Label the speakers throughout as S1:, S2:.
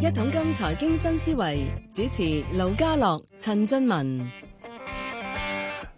S1: 一桶金財經新思維主持盧家樂、陳俊文，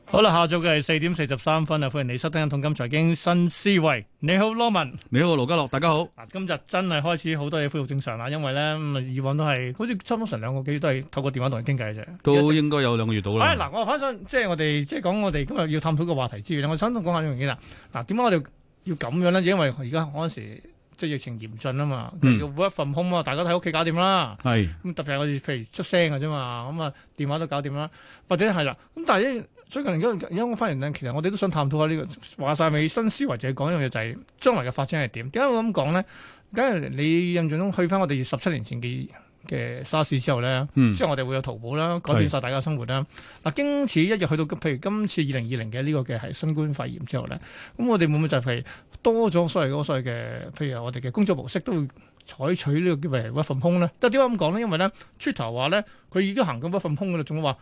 S2: 好啦，下晝嘅係四點四十三分啊！歡迎你收聽《一桶金財經新思維》。你好，羅文；
S1: 你好，盧家樂。大家
S2: 好。今日真係開始好多嘢恢復正常啦，因為呢，以往都係好似差唔多成兩個幾月都係透過電話同人傾偈嘅啫，
S1: 都應該有兩個月到啦。嗱、哎，
S2: 我翻上即係我哋即係講我哋今日要探討嘅話題之餘，我想講下呢樣嘢啦。嗱，點解我哋？要咁樣啦，因為而家嗰陣時即係疫情嚴峻啊嘛，嗯、要 work from home 嘛，大家喺屋企搞掂啦。係是，咁特別係我哋譬如出聲嘅啫嘛，咁啊電話都搞掂啦。或者係啦，咁但係最近而家而家我發現咧，其實我哋都想探討下呢、呢個話晒未新思維，就係講一樣嘢就係將來嘅發展係點？點解我咁講咧？梗係你印象中去翻我哋十七年前嘅。嘅沙士之後咧，即係、嗯、我哋會有淘寶啦，改變晒大家生活啦。嗱的，經此一日去到，譬如今次二零二零嘅呢個嘅係新冠肺炎之後咧，咁我哋會唔會就係多咗所謂所謂嘅，譬如我哋嘅工作模式都會採取呢個叫咩？work from home 咧，但係點解咁講咧？因為咧 Twitter 話咧，佢已經行緊 work from home 㗎喇，仲話。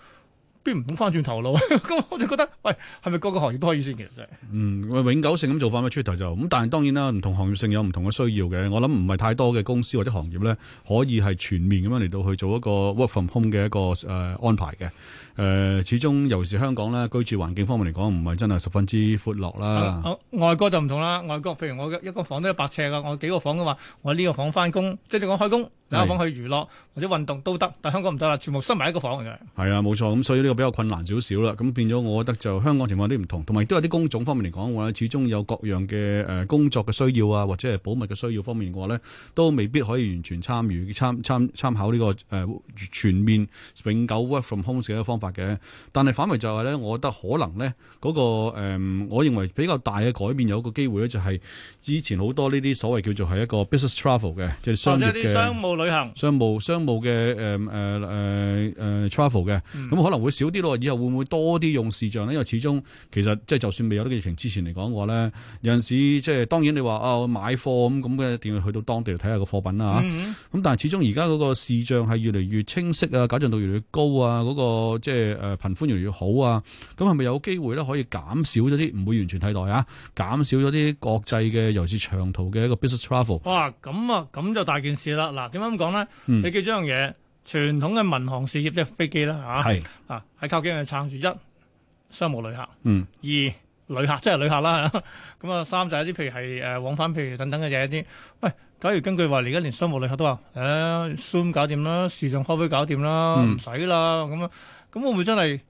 S2: 邊唔好翻轉頭路？咁 我就覺得，喂，係咪各個行業都可以先？其實
S1: 真係嗯，我永久性咁做法咪出頭就咁。但係當然啦，唔同行業性有唔同嘅需要嘅。我諗唔係太多嘅公司或者行業咧，可以係全面咁樣嚟到去做一個 work from home 嘅一個誒安排嘅。誒、呃，始終尤其是香港咧，居住環境方面嚟講，唔係真係十分之闊落啦、
S2: 啊啊。外國國就唔同啦，外國譬如我一個房都一百尺噶，我幾個房嘅話，我呢個房翻工，即係你講開工，兩個房去娛樂或者運動都得，但香港唔得啦，全部塞埋一個房嘅。
S1: 係啊，冇錯咁，所以呢、這個。比較困難少少啦，咁變咗我覺得就香港情況啲唔同，同埋亦都有啲工種方面嚟講嘅話，始終有各樣嘅誒工作嘅需要啊，或者係保密嘅需要方面嘅話咧，都未必可以完全參與參參參考呢個誒全面永久 work from home 嘅方法嘅。但係反為就係咧，我覺得可能咧嗰個誒，我認為比較大嘅改變有一個機會咧，就係之前好多呢啲所謂叫做係一個 business travel 嘅，即係商業啲商務旅行。商務商務嘅誒誒誒誒 travel 嘅，咁可能會少。少啲咯，以後會唔會多啲用視像咧？因為始終其實即係就算未有呢個疫情之前嚟講嘅呢，咧，有陣時即係、就是、當然你話啊、哦、買貨咁咁嘅，點去到當地嚟睇下個貨品啦咁、嗯嗯、但始終而家嗰個視像係越嚟越清晰啊，解像度越嚟越高啊，嗰、嗰個即係誒頻寬越嚟越好啊。咁係咪有機會咧可以減少咗啲唔會完全替代啊？減少咗啲國際嘅尤其是長途嘅一個 business travel。
S2: 哇！咁啊，咁就大件事啦。嗱，點解咁講咧？你記住樣嘢。傳統嘅民航事業即係飛機啦，吓係啊，係靠幾樣嘢撐住一，商務旅客，嗯，二，旅客即係旅客啦，咁啊三，就係啲譬如係誒往返譬如等等嘅嘢啲。喂、哎，假如根據話你而家連商務旅客都話，誒、啊、Zoom 搞掂啦，視像開會搞掂啦，唔使啦，咁啊，咁會唔會真係？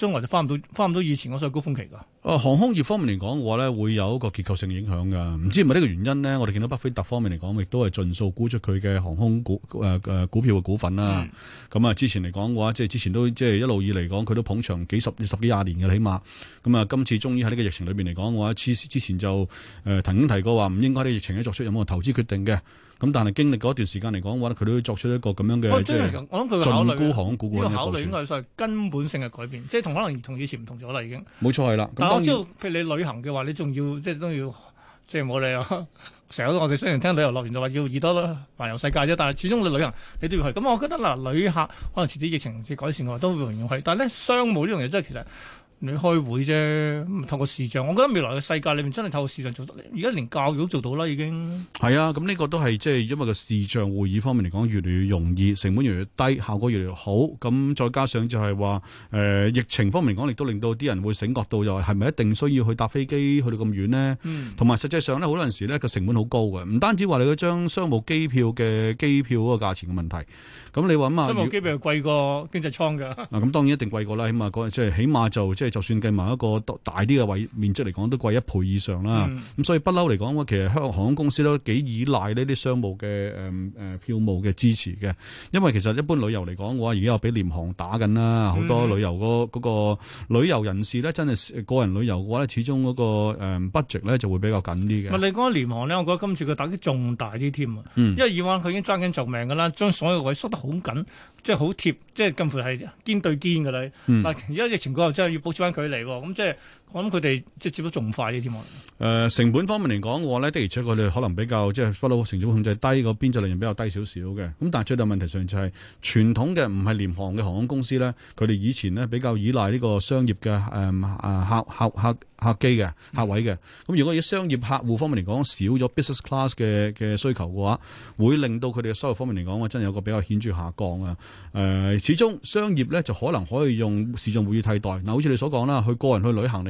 S2: 將來就翻唔到翻唔到以前嗰所謂高峰期
S1: 噶。哦，航空業方面嚟講嘅話咧，會有一個結構性影響噶唔知係咪呢個原因咧。我哋見到巴菲特方面嚟講，亦都係盡數沽出佢嘅航空股誒誒、呃、股票嘅股份啦、啊。咁、嗯、啊，之前嚟講嘅話，即係之前都即係一路以嚟講，佢都捧場幾十十幾廿年嘅起碼。咁啊，今次終於喺呢個疫情裏邊嚟講嘅話，之之前就誒曾經提過話，唔應該喺疫情咧作出任何投資決定嘅。咁但係經歷嗰一段時間嚟講，話咧佢都會作出一個咁樣嘅、就係、即係我諗佢嘅一個考慮，應該係
S2: 根本性嘅改、這個、改變，即係同可能同以前唔同咗啦，已經
S1: 冇錯係啦。但我知道，
S2: 譬如你旅行嘅話，你仲要即係都要即係冇理由成日我哋雖然聽旅遊樂園就話要耳朵啦環遊世界啫，但係始終你旅行你都要去。咁我覺得嗱、呃，旅客可能遲啲疫情改善嘅話，都不會仍然去。但係咧，商務呢樣嘢即係其實。你開會啫，透過視像，我覺得未來嘅世界裏面真係透過視像做得。而家連教育都做到啦，已經。
S1: 係啊，咁呢個都係即係因為個視像會議方面嚟講，越嚟越容易，成本越嚟越低，效果越嚟越好。咁再加上就係話、呃，疫情方面嚟講，亦都令到啲人會醒覺到，又係咪一定需要去搭飛機去到咁遠呢？同、嗯、埋實際上咧，好多陣時咧個成本好高嘅，唔單止話你嗰張商務機票嘅機票嗰個價錢嘅問題。咁你話啊，商務機
S2: 票係貴過經濟艙嘅。嗱、
S1: 嗯，咁、啊、當然一定貴過啦，起碼即係起碼就即、是、係就算計埋一個大啲嘅位面積嚟講，都貴一倍以上啦。咁、嗯、所以不嬲嚟講，其實香港航空公司都幾依賴呢啲商務嘅誒誒票務嘅支持嘅。因為其實一般旅遊嚟講嘅話，而家又俾廉航打緊啦，好多旅遊嗰、嗰個旅遊人士咧，真係個人旅遊嘅話咧，始終嗰個 budget 咧就會比較緊啲嘅、
S2: 嗯。你講廉航咧，我覺得今次嘅打擊仲大啲添啊！因為以往佢已經爭緊就命嘅啦，將所有位縮得好緊，即係好貼，即、就、係、是、近乎係肩對肩嘅啦。嗱、嗯，而家疫情過後，真係要保持關距離喎，咁即係。我諗佢哋即係接得仲快啲添喎。
S1: 誒成本方面嚟講嘅話呢，的而且確佢哋可能比較即係不嬲成本控制低，個編制人員比較低少少嘅。咁但係最大問題上就係、是、傳統嘅唔係廉航嘅航空公司呢，佢哋以前呢，比較依賴呢個商業嘅誒、嗯啊、客客客客機嘅客位嘅。咁、嗯、如果以商業客戶方面嚟講，少咗 business class 嘅嘅需求嘅話，會令到佢哋嘅收入方面嚟講，我真係有個比較顯著下降啊、呃！始終商業呢，就可能可以用視像會議替代。嗱，好似你所講啦，去個人去旅行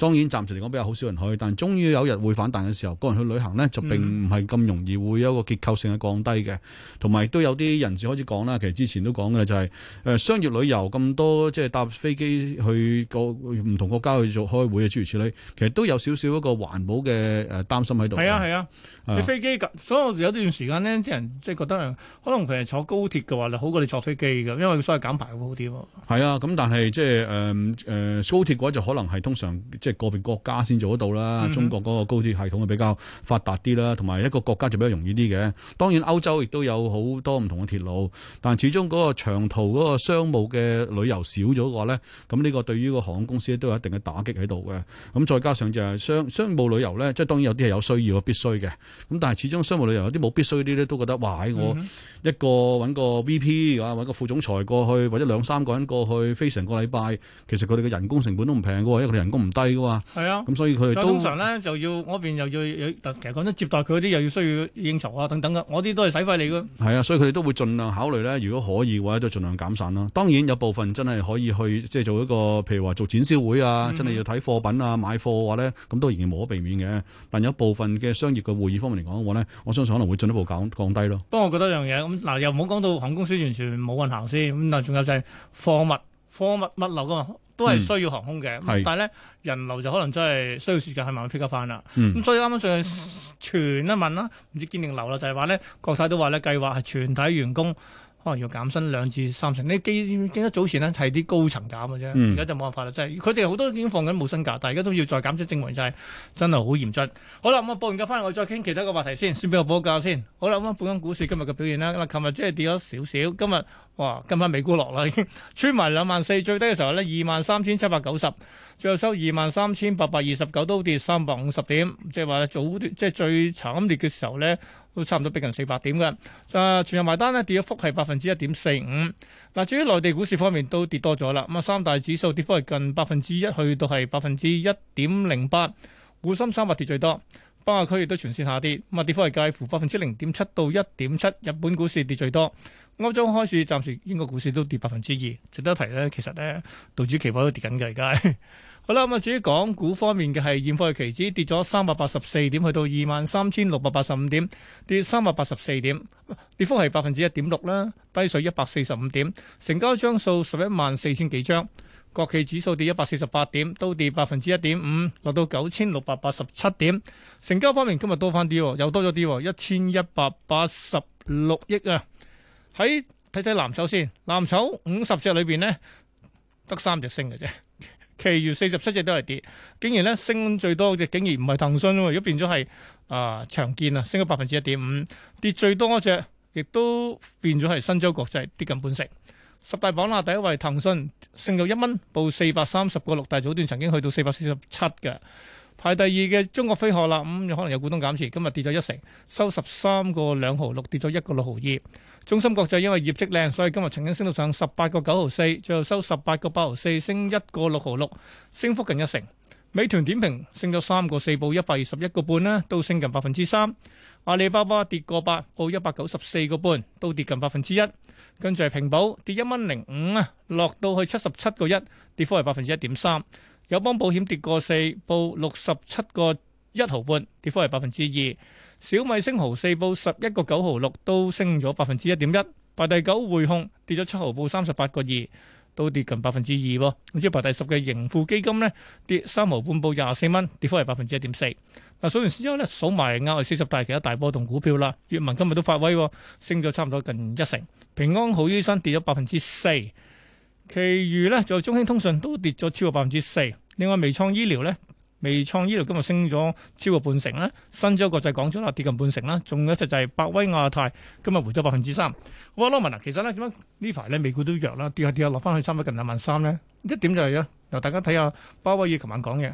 S1: 當然暫時嚟講比較好少人去，但終於有日會反彈嘅時候，個人去旅行呢，就並唔係咁容易會有一個結構性嘅降低嘅，同埋都有啲人士開始講啦。其實之前都講嘅就係誒商業旅遊咁多，即係搭飛機去個唔同國家去做開會啊、諸如此類，其實都有少少一個環保嘅誒擔心喺度。係啊係啊，啊，你飛
S2: 機所以有段時間呢，啲人即係覺得可能平日坐高鐵嘅話，你好過你坐飛機嘅，因為所謂減排會好啲。
S1: 係啊，咁、嗯、但係即係誒誒高鐵嘅話，就可能係通常個別國家先做得到啦，中國嗰個高鐵系統係比較發達啲啦，同埋一個國家就比較容易啲嘅。當然歐洲亦都有好多唔同嘅鐵路，但係始終嗰個長途嗰個商務嘅旅遊少咗嘅話咧，咁呢個對於個航空公司咧都有一定嘅打擊喺度嘅。咁再加上就係商商務旅遊咧，即係當然有啲係有需要必須嘅。咁但係始終商務旅遊有啲冇必須啲咧，都覺得話我一個搵個 VP 啊，搵個副總裁過去，或者兩三個人過去飛成個禮拜，其實佢哋嘅人工成本都唔平嘅，因為佢哋人工唔低。係啊，咁、嗯、所以佢哋通常咧
S2: 就要嗰邊又要有，其實講真接待佢啲又要需要應酬啊等等噶，我啲都係使費你噶。
S1: 係啊，所以佢哋都會盡量考慮咧，如果可以嘅話，都盡量減散啦。當然有部分真係可以去，即係做一個，譬如話做展銷會啊，真係要睇貨品啊、買貨嘅話咧，咁都已經冇可避免嘅。但有部分嘅商業嘅會議方面嚟講嘅話咧，我相信可能會進一步減降,降低咯。
S2: 不過我覺得一樣嘢咁嗱，又唔好講到航空公司完全冇運行先咁嗱，仲有就係貨物貨物物流噶嘛。都係需要航空嘅，嗯，但係咧，人流就可能真係需要時間係慢慢 pick up 翻啦。咁，嗯、所以啱啱上去傳一問啦，唔知堅定留啦，就係話咧國泰都話咧計劃係全體員工。可能要減薪兩至三成，你基基一早前呢係啲高層減嘅啫，而、嗯、家就冇辦法啦，係佢哋好多已經放緊冇薪假，但而家都要再減薪，證明就係真係好嚴峻。好啦，我報完價翻嚟，我再傾其他嘅話題先，先俾我報價先。好啦，咁啊，本港股市今日嘅表現啦，嗱，琴日即係跌咗少少，今日哇，跟翻美股落啦，已 經穿埋兩萬四，最低嘅時候咧二萬三千七百九十，最後收二萬三千八百二十九，都跌三百五十點，即係話早跌，即、就、係、是、最慘跌嘅時候咧。都差唔多逼近四百點嘅，啊全日埋單咧跌幅係百分之一點四五。嗱，至於內地股市方面都跌多咗啦。咁啊，三大指數跌幅係近百分之一，去到係百分之一點零八。滬深三百跌最多，北亞區亦都全線下跌。咁啊，跌幅係介乎百分之零點七到一點七。日本股市跌最多。歐洲開市，暫時英國股市都跌百分之二。值得提呢，其實呢道指期貨都跌緊嘅而家。好啦，咁啊，至於港股方面嘅係現貨嘅期指跌咗三百八十四點，去到二萬三千六百八十五點，跌三百八十四點，跌幅係百分之一點六啦，低水一百四十五點，成交張數十一萬四千幾張，國企指數跌一百四十八點，都跌百分之一點五，落到九千六百八十七點，成交方面今日多翻啲，又多咗啲，一千一百八十六億啊，喺睇睇藍籌先，藍籌五十隻裏邊呢，得三隻升嘅啫。其餘四十七隻都係跌，竟然咧升最多隻竟然唔係騰訊，如果變咗係啊長健啊，升咗百分之一點五，跌最多嗰隻亦都變咗係新洲國際，跌近半成。十大榜啦，第一位騰訊升咗一蚊，報四百三十個六，大早段曾經去到四百四十七嘅。排第二嘅中國飛鶴啦，咁、嗯、有可能有股東減持，今日跌咗一成，收十三個兩毫六，跌咗一個六毫二。中心國際因為業績靚，所以今日曾經升到上十八個九毫四，最後收十八個八毫四，升一個六毫六，升幅近一成。美團點評升咗三個四，報一百二十一個半咧，都升近百分之三。阿里巴巴跌過八，報一百九十四個半，都跌近百分之一。跟住係平保跌一蚊零五啊，落到去七十七個一，跌幅係百分之一點三。友邦保險跌個四，報六十七個一毫半，跌幅係百分之二。小米升豪四，報十一個九毫六，都升咗百分之一點一。排第九匯控跌咗七毫，報三十八個二，都跌近百分之二喎。咁即排第十嘅盈富基金呢，跌三毫半，報廿四蚊，跌幅係百分之一點四。嗱，數完之後呢，數埋額外四十大其他大波動股票啦。閱文今日都發威喎，升咗差唔多近一成。平安好醫生跌咗百分之四。其餘咧就中興通訊都跌咗超過百分之四，另外微創醫療咧，微創醫療今日升咗超過半成啦，新洲國際港中啦跌近半成啦，仲有一隻就係百威亞太今日回咗百分之三。好啊啦，文啊，其實咧點解呢排咧美股都弱啦，跌下跌，跌下落翻去差唔多近兩萬三咧？一點就係咧，由大家睇下鮑威爾琴晚講嘅，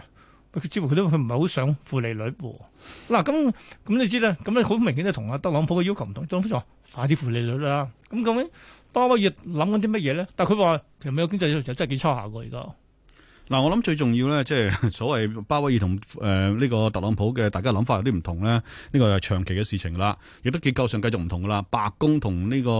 S2: 佢似乎佢都佢唔係好想負利率喎、啊。嗱咁咁你知啦，咁你好明顯就同阿特朗普嘅要求唔同，特朗普就話，快啲負利率啦、啊。咁咁樣。巴乜嘢諗緊啲乜嘢咧？但係佢話其實美國經濟有時候真係幾差下喎，而家。
S1: 嗱，我諗最重要咧，即係所謂鮑威爾同誒呢個特朗普嘅大家諗法有啲唔同咧，呢個係長期嘅事情啦，亦都結構上繼續唔同啦。白宮同呢個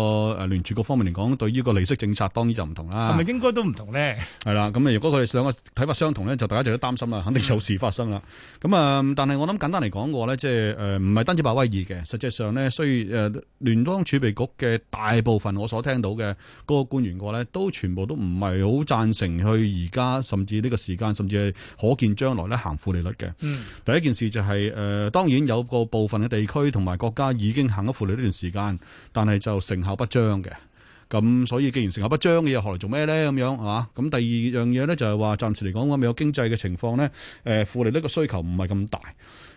S1: 誒聯儲局方面嚟講，對呢個利息政策當然就唔同啦。係咪應該都唔同咧？係啦，咁啊，如果佢哋兩個睇法相同咧，就大家就都擔心啦，肯定有事發生啦。咁、嗯、啊，但係我諗簡單嚟講嘅話咧，即係誒唔係單止鮑威爾嘅，實際上咧，所以誒聯邦儲備局嘅大部分我所聽到嘅嗰個官員嘅話咧，都全部都唔係好贊成去而家甚至。呢、這個時間甚至係可見將來咧行負利率嘅、嗯。第一件事就係、是、誒、呃，當然有個部分嘅地區同埋國家已經行咗負利率呢段時間，但係就成效不彰嘅。咁所以既然成效不彰嘅嘢，學嚟做咩咧？咁樣係嘛？咁、啊、第二樣嘢咧就係話，暫時嚟講未有經濟嘅情況咧，誒、呃，負利率嘅需求唔係咁大。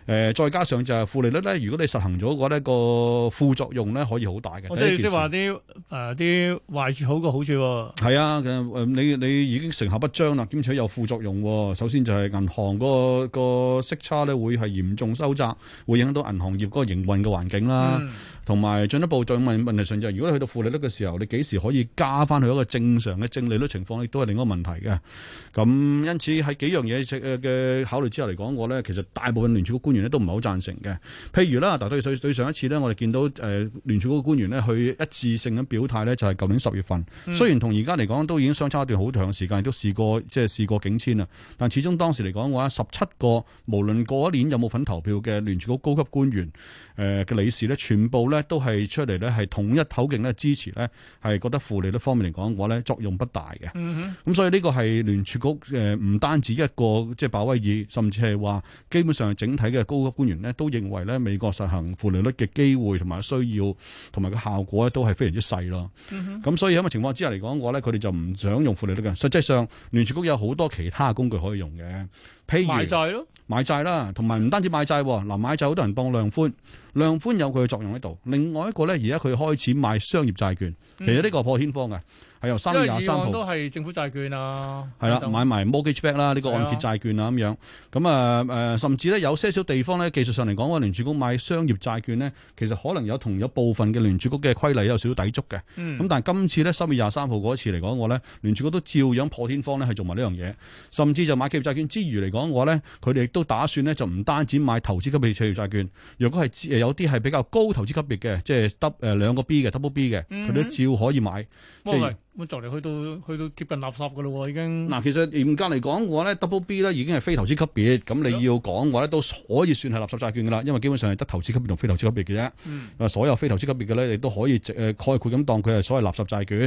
S1: 誒、呃，再加上就係負利率咧，如果你實行咗嘅話咧，個副作用咧，可以好大嘅。即係即係話
S2: 啲誒啲壞處好過好處。
S1: 係啊，啊呃、你你已經成效不彰啦，兼且有副作用、啊。首先就係銀行個、個息差咧會係嚴重收窄，會影響到銀行業個營運嘅環境啦、啊。同埋進一步再問問題上就係，如果你去到負利率嘅時候，你幾時可以加翻去一個正常嘅正利率情況，亦都係另一個問題嘅。咁因此喺幾樣嘢嘅考慮之後嚟講，我咧其實大部分聯儲官員咧都唔係好贊成嘅。譬如咧，特別對對上一次咧，我哋見到誒聯儲局嘅官員咧，去一致性咁表態咧，就係舊年十月份。嗯、雖然同而家嚟講都已經相差一段好長嘅時間，亦都試過即係試過境遷啦。但始終當時嚟講嘅話，十七個無論過一年有冇份投票嘅聯儲局高級官員誒嘅理事咧，全部咧都係出嚟咧係統一口徑咧支持咧，係覺得負利率方面嚟講嘅話咧作用不大嘅。咁、嗯、所以呢個係聯儲局誒唔單止一個即係鮑威爾，甚至係話基本上整體嘅。高級官員咧都認為咧美國實行負利率嘅機會同埋需要同埋個效果咧都係非常之細咯。咁、嗯、所以咁嘅情況之下嚟講，我咧佢哋就唔想用負利率嘅。實際上，聯儲局有好多其他工具可以用嘅，譬如買債咯，買債啦，同埋唔單止買債。嗱，買債好多人當量寬，量寬有佢嘅作用喺度。另外一個咧，而家佢開始買商業債券，其實呢個破天荒嘅。係由三月廿三號都
S2: 係政府債券啊，係啦，
S1: 買埋 mortgage back 啦，呢個按揭債券啊咁樣，咁啊、呃、甚至咧有些少地方咧技術上嚟講，我聯儲局買商業債券咧，其實可能有同有部分嘅聯儲局嘅規例有少少抵觸嘅。咁、嗯、但係今次咧，三月廿三號嗰一次嚟講我，我咧聯儲局都照樣破天荒咧係做埋呢樣嘢，甚至就買企業債券之餘嚟講我，我咧佢哋亦都打算咧就唔單止買投資級別的企業債券，若果係有啲係比較高投資級別嘅，即係得誒兩個 B 嘅 double B 嘅，佢都、嗯、照可以買，
S2: 即、嗯咁就嚟去到去到接近垃圾㗎咯、啊，已經。
S1: 嗱，其實嚴格嚟講嘅話咧，Double B 咧已經係非投資級別，咁你要講嘅話咧都可以算係垃圾債券㗎啦，因為基本上係得投資級別同非投資級別嘅啫。啊、嗯，所有非投資級別嘅咧，你都可以誒概括咁當佢係所謂垃圾債券。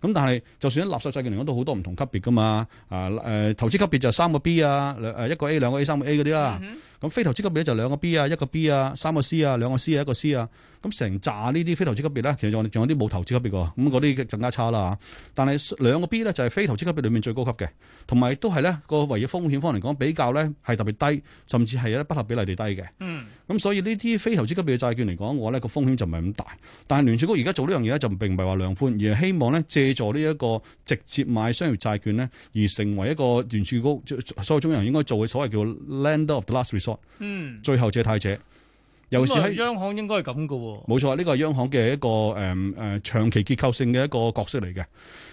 S1: 咁但係就算喺垃圾債券嚟講，都好多唔同級別噶嘛。啊，誒，投資級別就三個 B 啊，誒，一個 A，兩個 A，三個 A 嗰啲啦。嗯咁非投資級別咧就兩個 B 啊，一個 B 啊，三個 C 啊，兩個 C 啊，一個 C 啊。咁成扎呢啲非投資級別咧，其實我哋仲有啲冇投資級別嘅，咁嗰啲更加差啦。但係兩個 B 咧就係非投資級別裏面最高級嘅，同埋都係咧個違約風險方嚟講比較咧係特別低，甚至係有啲不合比例地低嘅。嗯。咁所以呢啲非投資級別嘅債券嚟講，我咧個風險就唔係咁大。但係聯儲局而家做呢樣嘢咧，就並唔係話量寬，而係希望咧借助呢一個直接買商業債券咧，而成為一個聯儲局所有中國人應該做嘅所謂叫 lender of the last resort，嗯，最後借貸者。尤其是喺央
S2: 行應該係咁嘅，
S1: 冇錯呢個係央行嘅一個誒誒、呃、長期結構性嘅一個角色嚟嘅。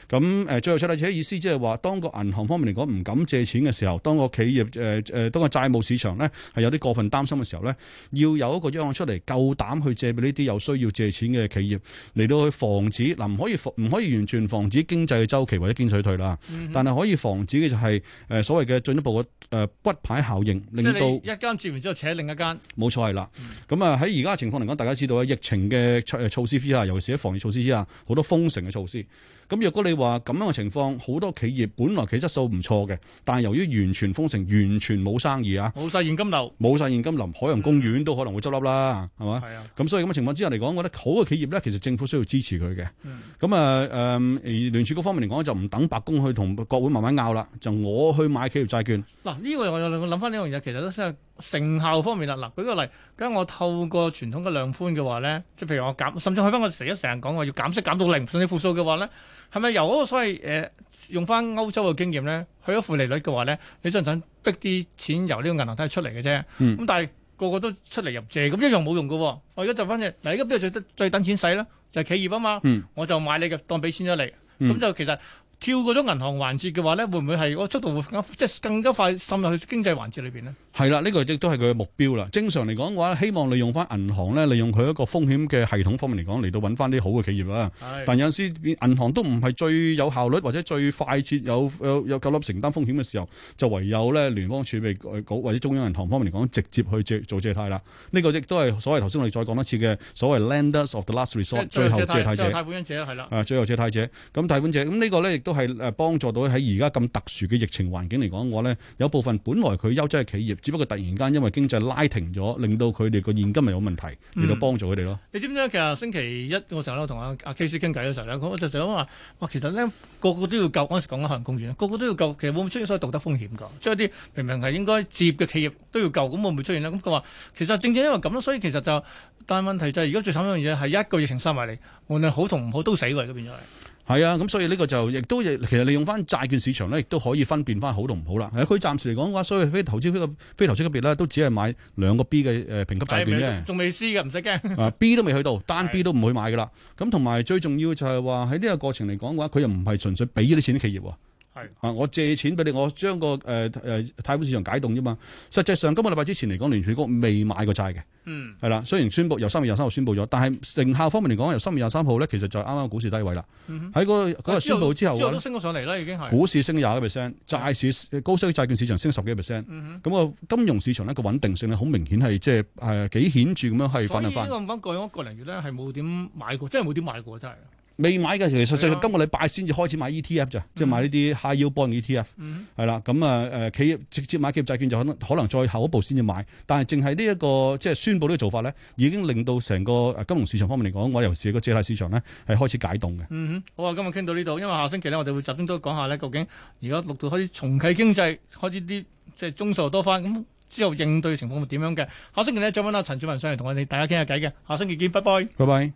S1: 咁誒、呃、最後出嚟嘅意思即係話，當個銀行方面嚟講唔敢借錢嘅時候，當個企業誒誒、呃呃，當個債務市場咧係有啲過分擔心嘅時候咧，要有一個央行出嚟夠膽去借俾呢啲有需要借錢嘅企業，嚟到去防止，嗱、呃、唔可以唔可以完全防止經濟嘅週期或者經水退啦、嗯，但係可以防止嘅就係、是、誒、呃、所謂嘅進一步嘅誒、呃、骨牌效應，令到
S2: 一間接完之後扯另一間，
S1: 冇錯係啦。是。咁、嗯、啊，喺而家嘅情況嚟講，大家知道啊，疫情嘅措措施之下，尤其是喺防疫措施之下，好多封城嘅措施。咁若果你話咁樣嘅情況，好多企業本來企質素唔錯嘅，但係由於完全封城、完全冇生意啊，
S2: 冇晒現金流，
S1: 冇晒現金流，嗯、海洋公園都可能會執笠啦，係嘛？係啊。咁所以咁嘅情況之下嚟講，我覺得好嘅企業咧，其實政府需要支持佢嘅。嗯。咁啊誒聯儲局方面嚟講，就唔等白宮去同國會慢慢拗啦，就我去買企業債券。
S2: 嗱、啊、呢、呢個我又諗翻呢樣嘢，其實都真係成效方面啦。嗱、啊，舉個例，咁我透過傳統嘅量寬嘅話咧，即係譬如我減，甚至去翻我成日成日講話要減息減到零，甚至你負數嘅話咧。係咪由嗰、那個所謂誒、呃、用翻歐洲嘅經驗咧？去咗負利率嘅話咧，你想唔想逼啲錢由呢個銀行睇出嚟嘅啫。咁、嗯、但係個個都出嚟入借，咁一樣冇用嘅、哦。我而家就翻嘅嗱，而家邊度最得最等錢使咧？就係、是、企業啊嘛。嗯、我就買你嘅當俾錢咗嚟，咁就其實。跳過咗銀行環節嘅話咧，會唔會係個速度會更加即係更加快滲入去經濟環節裏邊咧？
S1: 係啦，呢個亦都係佢嘅目標啦。正常嚟講嘅話，希望利用翻銀行咧，利用佢一個風險嘅系統方面嚟講，嚟到揾翻啲好嘅企業啊。但有陣時銀行都唔係最有效率或者最快捷有有有夠粒承擔風險嘅時候，就唯有咧聯邦儲備局或者中央銀行方面嚟講，直接去借做借貸啦。呢個亦都係所謂頭先我哋再講一次嘅所謂 lenders of the last resort，最後借貸，後借貸，後貸款者。借貸者係啦。誒，最後借貸者咁貸款者咁呢個咧？都係誒幫助到喺而家咁特殊嘅疫情環境嚟講，我呢，有部分本來佢優質嘅企業，只不過突然間因為經濟拉停咗，令到佢哋個現金咪有問題，嚟到幫助佢哋咯。
S2: 你知唔知？其實星期一我成日咧同阿阿 K 師傾偈嘅時候咧，佢就成日話：，哇，其實呢，個個都要救，嗰時講緊行公園咧，個個都要救。其實會唔會出現所謂道德風險㗎？即係啲明明係應該接嘅企業都要救，咁會唔會出現呢？咁佢話其實正正因為咁啦，所以其實就但係問題就係而家最慘一樣嘢係一個疫情殺埋嚟，無論好同唔好都死㗎，而家變咗係。
S1: 係啊，咁所以呢個就亦都亦其實利用翻債券市場咧，亦都可以分辨翻好同唔好啦。喺佢暫時嚟講嘅話，所以非投資區嘅非投資級別咧，都只係買兩個 B 嘅誒評級債券啫。仲
S2: 未 C 嘅，唔使驚。啊
S1: ，B 都未去到，單 B 都唔會買㗎啦。咁同埋最重要就係話喺呢個過程嚟講嘅話，佢又唔係純粹俾呢啲錢啲企業。啊！我借錢俾你，我將個誒誒貸款市場解凍啫嘛。實際上，今個禮拜之前嚟講，聯儲局未買過債嘅，嗯，係啦。雖然宣布由三月廿三號宣布咗，但係成效方面嚟講，由三月廿三號咧，其實就係啱啱股市低位啦。
S2: 喺、嗯那個嗰日、嗯、宣布之後，啊、之，後之後都升咗上嚟啦，已經係股市
S1: 升廿一%，個 percent，債市高息債券市場升十幾 percent。咁啊，嗯那個、金融市場咧個穩定性咧，好明顯係即係誒幾顯著咁樣去反映翻。我
S2: 唔好講我個零月咧，係冇點買過，即係冇點買過，真係。真
S1: 未買嘅，其實就今個禮拜先至開始買 ETF 咋，即係買呢啲 High Yield Bond ETF，係、嗯、啦，咁啊誒企業直接買企業債券就可能可能再後一步先至買，但係淨係呢一個即係宣布呢個做法咧，已經令到成個金融市場方面嚟講，我哋尤其是個借貸市場咧係開始解凍嘅。
S2: 嗯哼，好啊，今日傾到呢度，因為下星期咧我哋會集中都講下咧，究竟而家陸續開始重啟經濟，開始啲即係中數多翻，咁之後應對情況會點樣嘅？下星期呢，再揾阿陳俊文上嚟同我哋大家傾下偈嘅，下星期見，拜拜。
S1: 拜拜。